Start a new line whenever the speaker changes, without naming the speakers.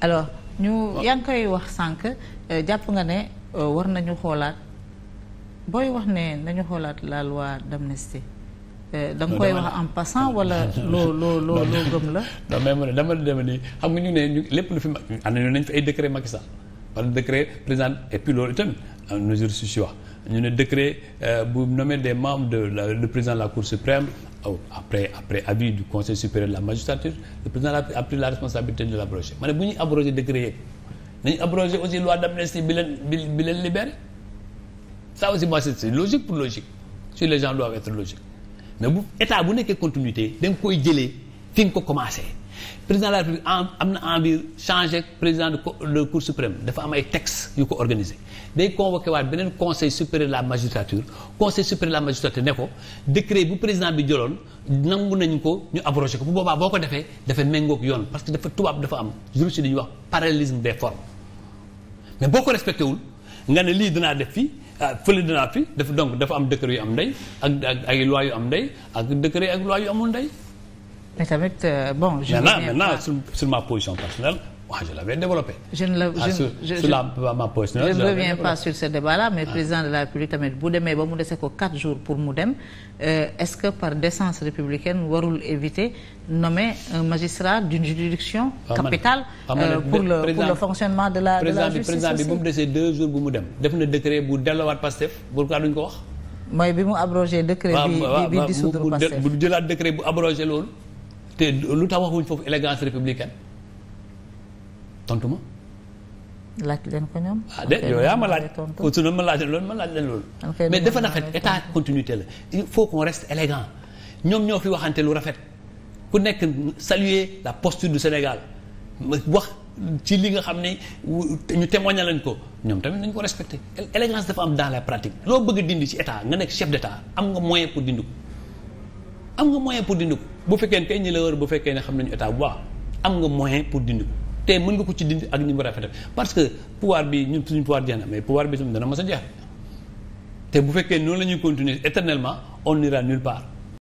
alors ñu yaa ngi koy wax sànq euh, jàpp nga ne euh, war nañu xoolaat booy wax ne nañu xoolaat la loi d'amnistie euh, da nga koy wax en
passant wala loo loo loo loo gëm la. non mais man dama dama ni xam nga ñu ne lépp lu fi ma ànd nañ fi ay décret Macky Sall wala décret président et puis loolu itam mesure su wax. ñu ne décret euh, bu nommer des membre de le président de la cour suprême après après avis du conseil supérieur de la magistrature le président a pris la responsabilité de l'abroger ma ne bu ñuy abroger décret yëpp nañu abroger aussi loi d'amnistie bi leen bi leen libéré ça aussi moi c'est logique pour logique si les gens doivent être logiques mais bu état bu nekkee continuité da nga koy jëlee fi nga ko commencé président la république am na envie changer président de cour suprême dafa am ay text yu ko organiser day convoqué waat beneen conseil supérieur la magistrature conseil supérieur de la magistrature ne ko décret bu président bi joloon nangu nañ ko ñu abrogé ko bu boobaa boo ko defee dafa méngoog yoon parce que dafa tubaab dafa am juriste dañuy wax parallélisme des formes mais boo ko respecté wul nga ne lii danaa def fii ah, fële dinaa fi def donc dafa am décret yu am ndey ak ak ay yu am ndey ak décret ak loi yu amul ndey
mais tamit euh, bon. je maintenant maintenant
sur, sur ma position personnelle. waaw je l'avais développé. je ne la je la ma position. je ne reviens pas sur
ce débat-là mais ah. président de la République tamit bu demee ba mu dese ko quatre jours pour mu dem euh, est-ce que par décence républicaine warul éviter nommer un magistrat d'une juridiction capitale. Ah, euh, pour le président, fonctionnement de la de la justice
président bu mu dem. def na décret bu delloowaat Pastef pourquoi duñ ko wax.
mooy bi mu abrogé décret. bi bi dissoudre Pastef bu
jëlaat décret bu abrogé loolu. te lu tax waxuñ foofu élégance républicaine tontu ma.
laaj leen ko ñoom. ah de yow yaa ma laaj
ma laaj loolu ma laaj leen loolu. mais dafa na rafet état continuité la il faut qu'on reste élégant ñoom ñoo fi waxante lu rafet ku nekk saluer la posture du Sénégal wax ci li nga xam ne ñu témoigné lañ ko ñoom tamit nañ ko respecté élégance dafa am dans la pratique loo bëgg dindi ci état nga nekk chef d'état am nga moyen pour dindi ko. am nga moyen pour dindi ko bu fekkee tey ñi la wër bu fekkee ne xam nañu état bu baax am nga moyen pour dindi ko te mën nga ko ci dindi ak ñu mu rafetal parce que pouvoir bi ñun suñu pouvoir jeex na mais pouvoir bi tamit dana mës a jeex te bu fekkee noonu la ñuy continuer éternellement on n'ira nulle part